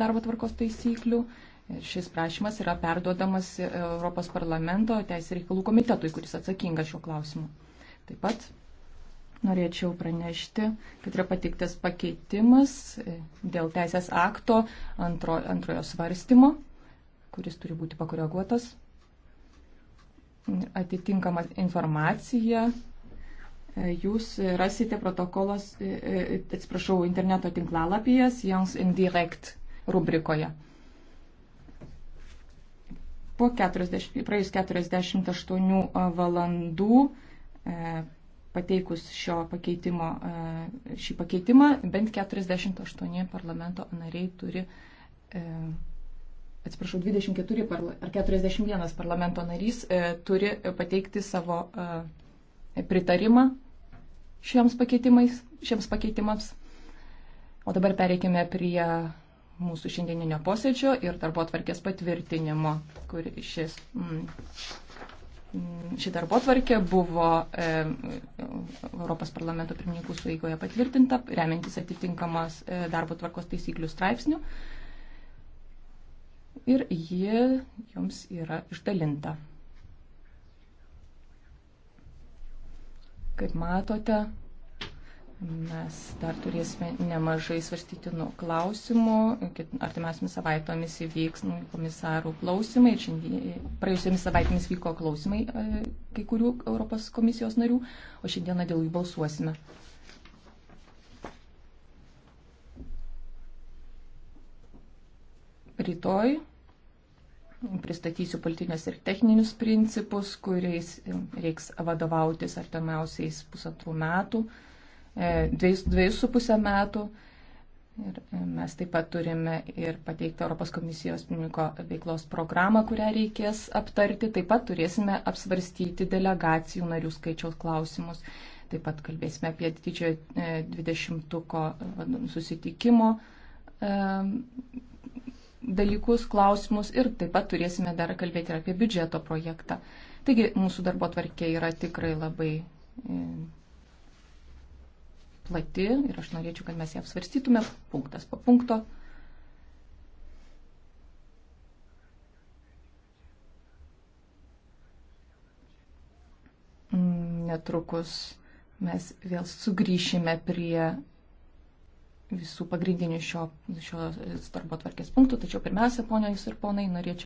darbo tvarkos taisyklių. Šis prašymas yra perduodamas Europos parlamento teisė reikalų komitetui, kuris atsakinga šiuo klausimu. Taip pat norėčiau pranešti, kad yra patiktas pakeitimas dėl teisės akto antro, antrojo svarstymo, kuris turi būti pakoreguotas. Atitinkama informacija jūs rasite protokolas, atsiprašau, interneto tinklalapyje Jans Indirect rubrikoje. Po 40, praėjus 48 valandų e, pateikus šio pakeitimo, šį pakeitimą, bent 48 parlamento nariai turi, e, atsiprašau, 24 ar 41 parlamento narys e, turi pateikti savo pritarimą šiems pakeitimams. O dabar pereikime prie mūsų šiandieninio posėdžio ir darbo atvarkės patvirtinimo, kur šis, mm, mm, ši darbo atvarkė buvo e, Europos parlamento pirmininkų sueigoje patvirtinta, remiantis atitinkamas e, darbo tvarkos taisyklių straipsnių. Ir ji jums yra išdalinta. Kaip matote, Mes dar turėsime nemažai svarstytinų klausimų. Artimiausiamis savaitomis įvyks nu, komisarų klausimai. Praėjusiamis savaitėmis vyko klausimai e, kai kurių Europos komisijos narių, o šiandieną dėl jų balsuosime. Rytoj pristatysiu politinius ir techninius principus, kuriais e, reiks vadovautis artimiausiais pusantrų metų. E, dviejus su pusę metų. Ir e, mes taip pat turime ir pateikti Europos komisijos pirmininko veiklos programą, kurią reikės aptarti. Taip pat turėsime apsvarstyti delegacijų narių skaičiaus klausimus. Taip pat kalbėsime apie didžiojo e, dvidešimtuko susitikimo dalykus, klausimus ir taip pat turėsime dar kalbėti ir apie biudžeto projektą. Taigi mūsų darbo tvarkė yra tikrai labai plati ir aš norėčiau, kad mes ją apsvarstytume punktas po punkto. Netrukus mes vėl sugrįšime prie visų pagrindinių šio, šio darbo tvarkės punktų, tačiau pirmiausia, ponios ir ponai, norėčiau.